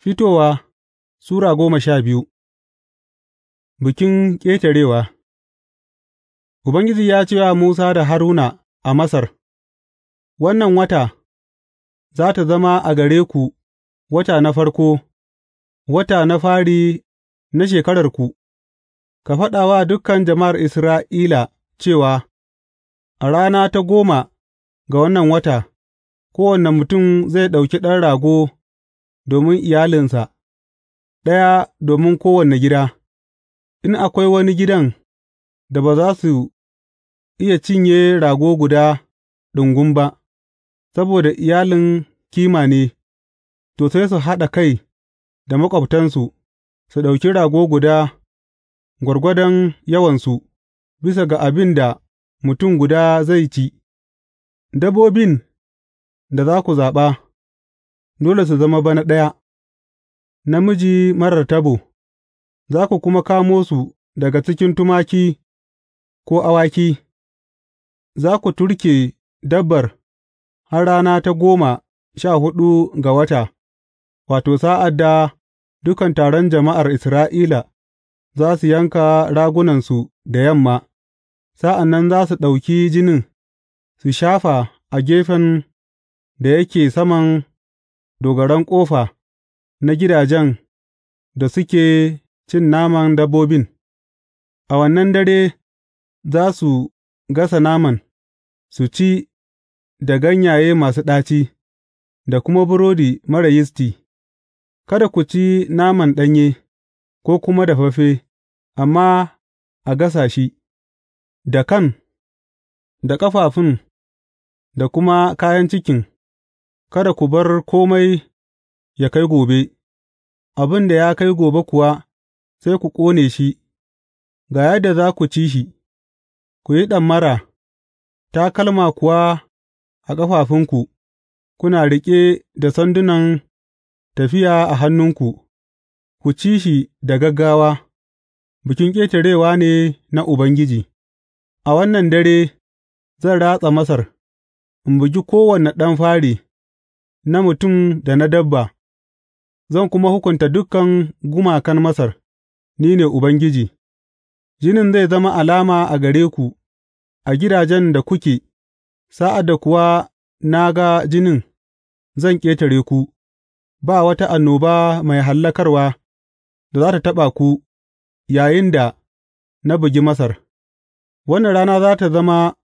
Fitowa Sura goma sha biyu Bikin Ƙetarewa Ubangiji ya ce wa Musa da Haruna a Masar, Wannan wata za ta zama a gare ku wata na farko, wata na fari na shekararku, ka faɗa wa dukan jama'ar Isra'ila cewa, A rana ta goma ga wannan wata, kowane mutum zai ɗauki ɗan rago. domin iyalinsa, ɗaya domin kowane gida, in akwai wani gidan da ba za su iya cinye rago guda ɗungum ba, saboda iyalin kima ne, to, sai su haɗa kai da maƙwabtansu su ɗauki rago guda gwargwadon yawansu, bisa ga abin da mutum guda zai ci, dabbobin da za ku zaɓa. dole su zama bana ɗaya, namiji marar tabo, za ku kuma kamo su daga cikin tumaki ko awaki, za ku turke dabbar har rana ta goma sha huɗu ga wata, wato, sa'ad da dukan taron jama'ar Isra'ila za su yanka ragunansu da yamma, sa'an nan za su ɗauki jinin su shafa a gefen da yake saman dogaran ƙofa na gidajen da suke cin naman dabbobin, a wannan dare za su gasa naman, su ci da ganyaye masu ɗaci, da kuma burodi mara yisti, kada ku ci naman ɗanye ko kuma dafaffe, amma a gasa shi, da kan, da ƙafafun, da kuma kayan cikin. Kada ku bar kome ya kai gobe, abin da ya kai gobe kuwa sai ku ƙone shi; ga yadda za ku ci shi, ku yi ɗamara, takalma kuwa a ƙafafunku, kuna riƙe da sandunan tafiya a hannunku, ku ci shi da gaggawa, Bikin Ƙetarewa ne na Ubangiji; a wannan dare zan ratsa Masar, in bugi kowane ɗan fari. na mutum da na dabba, zan kuma hukunta dukan gumakan Masar, ni ne Ubangiji, jinin zai zama alama a gare ku, a gidajen da kuke, sa'ad da kuwa na ga jinin, zan ƙetare ku, ba wata annoba mai hallakarwa da za ta taɓa ku yayin da na bugi Masar. Wannan rana za ta zama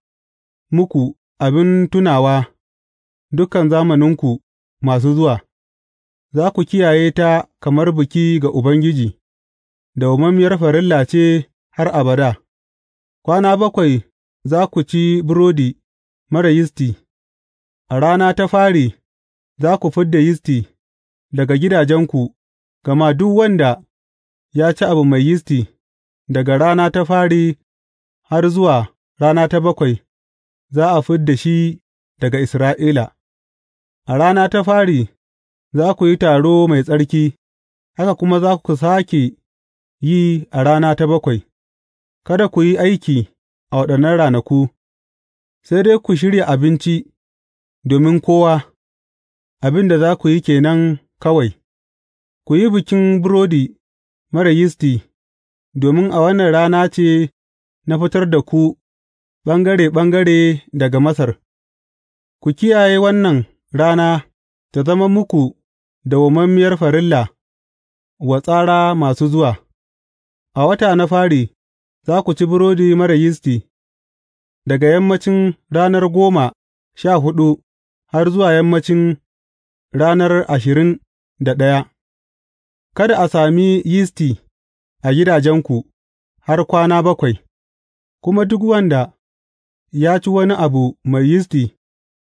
muku abin tunawa dukan zamaninku. masu zuwa, za ku kiyaye ta kamar biki ga Ubangiji, dawwammamiyar farilla ce har abada, kwana bakwai za ku ci burodi marar yisti, a rana ta fari za ku fid da yisti daga gidajenku, gama duk wanda ya ci abu mai yisti daga rana ta fari har zuwa rana ta bakwai, za a fid da shi daga Isra'ila. A rana ta fari za ku yi taro mai tsarki, haka kuma za ku sāke yi a rana ta bakwai, kada ku yi aiki a waɗannan ranaku, sai dai ku shirya abinci domin kowa, abin da za ku yi kenan kawai, ku yi Bikin Burodi mara Yisti, domin a wannan rana ce na fitar da ku ɓangare ɓangare daga Masar, ku kiyaye wannan. rana ta zama muku dawwammamiyar farilla wa tsara masu zuwa; a wata na fari za ku ci burodi marar yisti, daga yammacin ranar goma sha huɗu har zuwa yammacin ranar ashirin da ɗaya, kada a sami yisti a gidajenku har kwana bakwai, kuma duk wanda ya ci wani abu mai yisti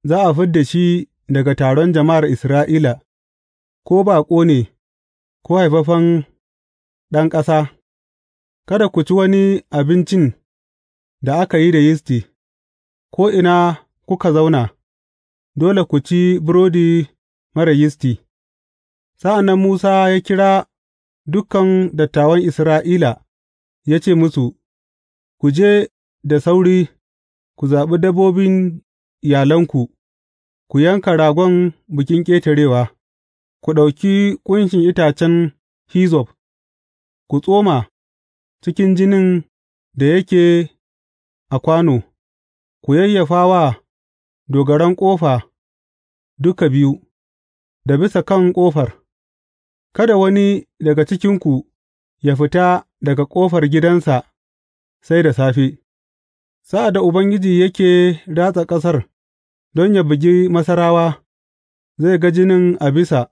za a fid da shi daga taron jama'ar Isra'ila, ko baƙo ne, ko haifaffen ɗan ƙasa, kada ku ci wani abincin da aka yi da yisti, ko'ina kuka zauna, dole ku ci burodi mara yisti. Sa'an nan Musa ya kira dukan dattawan Isra'ila ya ce musu, Ku je da sauri ku zaɓi dabbobin iyalanku. Ku yanka ragon Bikin Ƙetarewa, ku ɗauki ƙunshin itacen hizzob, ku tsoma cikin jinin da yake a kwano, ku yayyafa wa dogaran ƙofa duka biyu, da bisa kan ƙofar, kada wani daga cikinku ya fita daga ƙofar gidansa sai da safe, sa'ad da Ubangiji yake ratsa ƙasar. don yă bugi Masarawa, zai ga jinin a bisa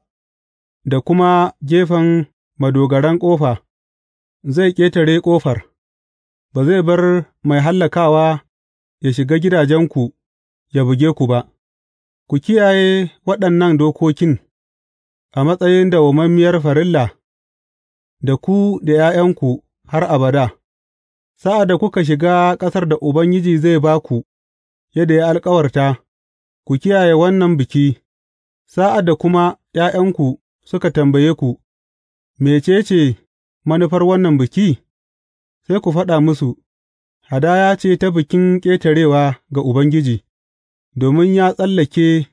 da kuma gefen madogaran ƙofa, zai ƙetare ƙofar, ba zai bar mai hallakawa ya shiga gidajenku ya buge ku ba, ku kiyaye waɗannan dokokin a matsayin dawwammamiyar farilla da ku da ’ya'yanku har abada, sa'ad da kuka shiga ƙasar da Ubangiji zai ba ku yadda ya alkawarta. Ku kiyaye wannan biki, sa'ad da kuma ’ya'yanku suka tambaye ku, Mece ce manufar wannan biki?’ sai ku faɗa musu, Hadaya ce ta Bikin Ƙetarewa ga Ubangiji, domin ya tsallake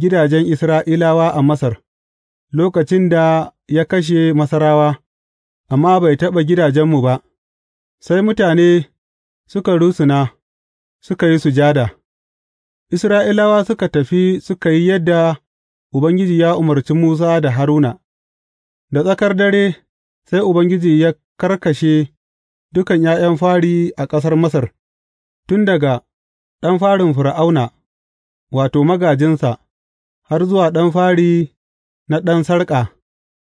gidajen Isra'ilawa a Masar, lokacin da ya kashe Masarawa, amma bai taɓa gidajenmu ba, sai mutane suka rusuna, suka yi sujada. Isra'ilawa suka tafi suka yi yadda Ubangiji ya umarci Musa da Haruna, da tsakar dare sai Ubangiji ya karkashe dukan ’ya'yan fari a ƙasar Masar, tun daga ɗan farin Fir'auna, wato, magajinsa, har zuwa ɗan fari na ɗan sarƙa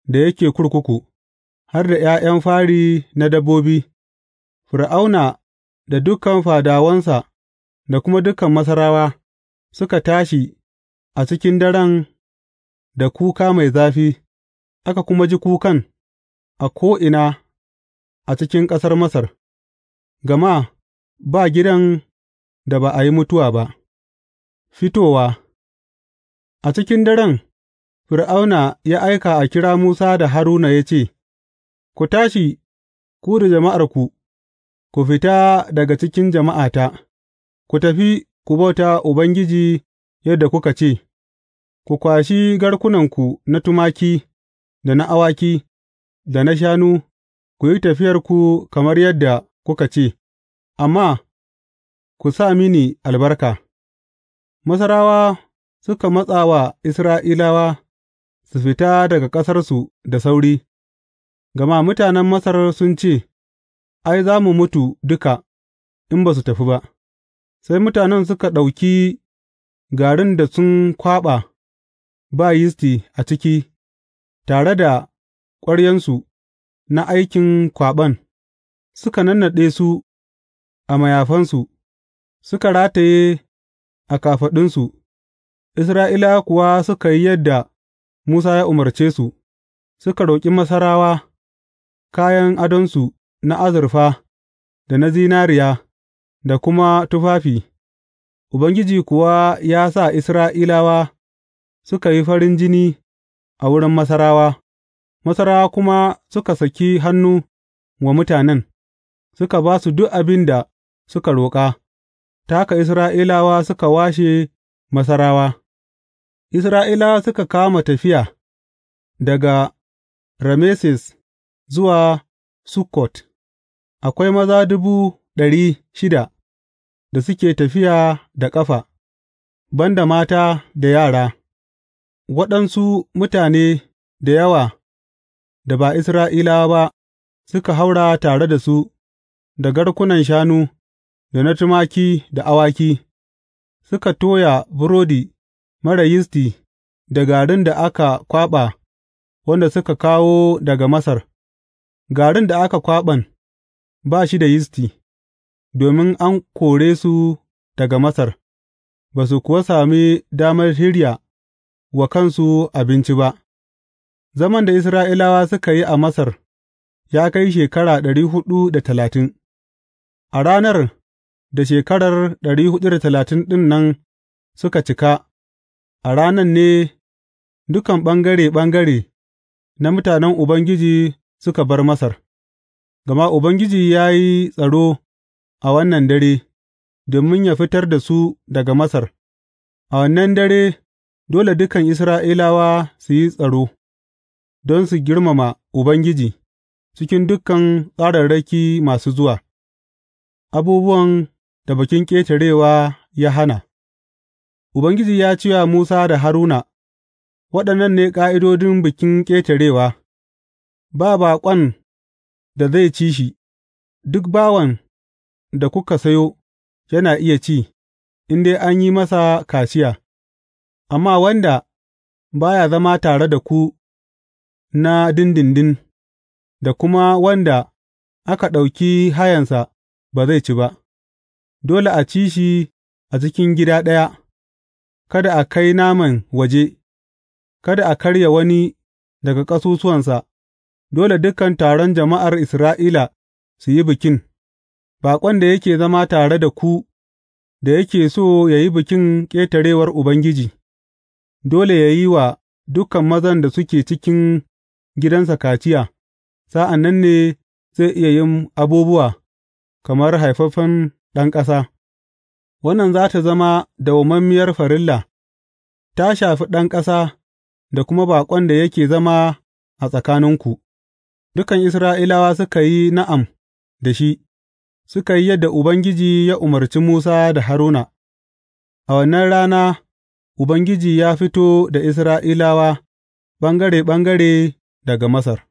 da yake kurkuku, har da ’ya'yan fari na dabbobi, Fir'auna da dukan fadawansa. da kuma dukan Masarawa suka tashi a cikin daren da kuka mai zafi, aka kuma ji kukan a ko'ina a cikin ƙasar Masar, gama ba gidan da ba a yi mutuwa ba. Fitowa A cikin daren, Fir'auna ya aika a kira Musa da Haruna ya ce, Ku tashi, ku da jama'arku, ku fita daga cikin jama'ata. Ku tafi, ku bauta Ubangiji yadda kuka ce, ku kwashi garkunanku na tumaki, da na awaki, da na shanu, ku yi tafiyarku kamar yadda kuka ce, amma ku sa mini albarka.’ Masarawa suka matsa wa Isra'ilawa su fita daga ƙasarsu da sauri, gama mutanen Masar sun ce, Ai, za mu mutu duka in ba su tafi ba. Sai mutanen suka ɗauki garin da sun kwaɓa ba yisti a ciki tare da ƙwaryensu na aikin kwaɓan, suka nannaɗe su a mayafansu, suka rataye a kafaɗunsu, Isra'ila kuwa suka yi yadda Musa ya umarce su, suka roƙi Masarawa kayan adonsu na azurfa da na zinariya. da kuma tufafi, Ubangiji kuwa ya sa Isra'ilawa suka yi farin jini a wurin Masarawa, Masarawa kuma suka saki hannu wa mutanen, suka ba su duk abin da suka roƙa, ta haka Isra'ilawa suka washe Masarawa. Isra'ilawa suka kama tafiya daga Rameses zuwa Sukkot, akwai maza dubu ɗari shida da suke tafiya da ƙafa, ban da mata da yara, waɗansu mutane da yawa da ba Isra'ilawa ba suka haura tare da su da garkunan shanu, da na tumaki da awaki, suka toya burodi marar yisti da garin da aka kwaɓa wanda suka kawo daga Masar, garin da aka kwaɓan ba shi da yisti. domin an kore su daga Masar, ba su kuwa sami damar shirya wa kansu abinci ba, zaman da Isra'ilawa suka yi a Masar ya kai shekara ɗari hudu da talatin, a ranar da shekarar ɗari huɗu da talatin ɗin nan suka cika, a ranan ne dukan ɓangare-ɓangare na mutanen Ubangiji suka bar Masar, gama Ubangiji ya yi tsaro. a wannan dare, domin yă fitar da su daga Masar, a wannan dare dole dukan Isra'ilawa su yi tsaro, don su girmama Ubangiji cikin dukan tsararraki masu zuwa, abubuwan da Bikin Ƙetarewa ya hana. Ubangiji ya ce wa Musa da Haruna, Waɗannan ne ƙa'idodin Bikin Ƙetarewa, ba baƙon da zai ci shi, duk bawan da kuka sayo yana iya ci, in dai an yi masa kaciya, amma wanda ba ya zama tare da ku na dindindin, da kuma wanda aka ɗauki hayansa ba zai ci ba, dole a ci shi a cikin gida ɗaya, kada a kai naman waje, kada a karya wani daga ƙasusuwansa, dole dukan taron jama'ar Isra'ila su yi bikin. baƙon da yake zama tare da ku da yake so ya yi Bikin Ƙetarewar Ubangiji, dole yă yi wa dukan mazan da suke cikin gidansa kaciya, sa'an nan ne zai iya yin abubuwa kamar haifaffen ɗan ƙasa. Wannan za ta zama dawwammamiyar farilla, ta shafi ɗan ƙasa da kuma baƙon da yake zama a tsakaninku. Dukan Isra'ilawa suka yi na'am da shi. suka yi yadda Ubangiji ya umarci Musa da Haruna, a wannan rana Ubangiji ya fito da Isra'ilawa ɓangare ɓangare daga Masar.